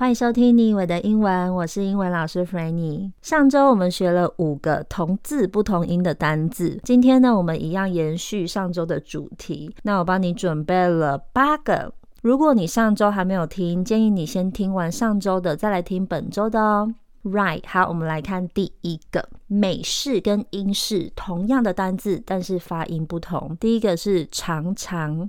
歡迎收聽你我的英文，我是英文老師 Frannie。上週我們學了五個同字不同音的單字。今天呢，我們一樣延續上週的主題。那我幫你準備了八個。如果你上週還沒有聽，建議你先聽完上週的，再來聽本週的哦。Right，好，我們來看第一個，美式跟英式同樣的單字，但是發音不同。第一個是常常。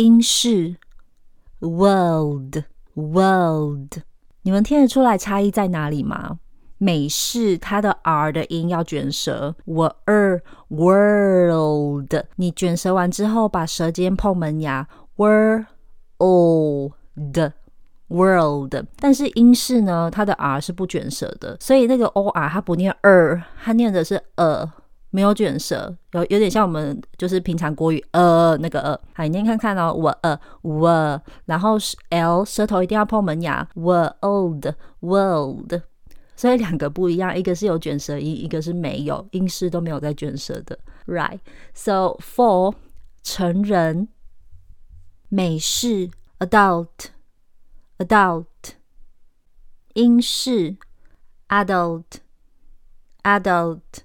英式 world world，你們聽得出來差異在哪裡嗎？美式它的 r 的音要卷舌，我、呃、world。你卷舌完之後，把舌尖碰門牙，world world。但是英式呢，它的 r 是不卷舌的，所以那個 o r 它不念 er，它念的是 er。沒有卷舌，有有點像我們就是平常國語，呃，那個，呃。好，你看看哦，我呃我，然後是 l，舌頭一定要碰門牙，我 old，world world，所以兩個不一樣，一個是有卷舌音，一個是沒有，英式都沒有在卷舌的，right？So four 成人美式 adult adult，英式 adult adult。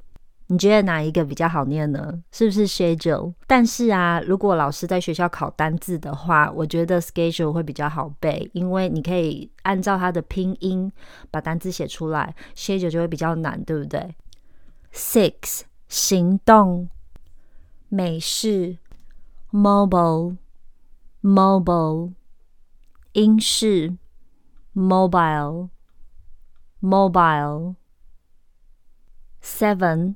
你覺得哪一個比較好念呢？是不是 schedule？但是啊，如果老師在學校考單字的話，我覺得 schedule 會比較好背，因為你可以按照它的拼音把單字寫出來，schedule 就會比較難，對不對？Six 行動，美式 mobile mobile，英式 mobile mobile。Seven。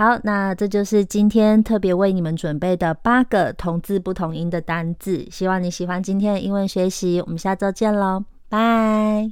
好，那這就是今天特別為你們準備的八個同字不同音的單字。希望你喜歡今天的英文學習，我們下周見嘍，拜。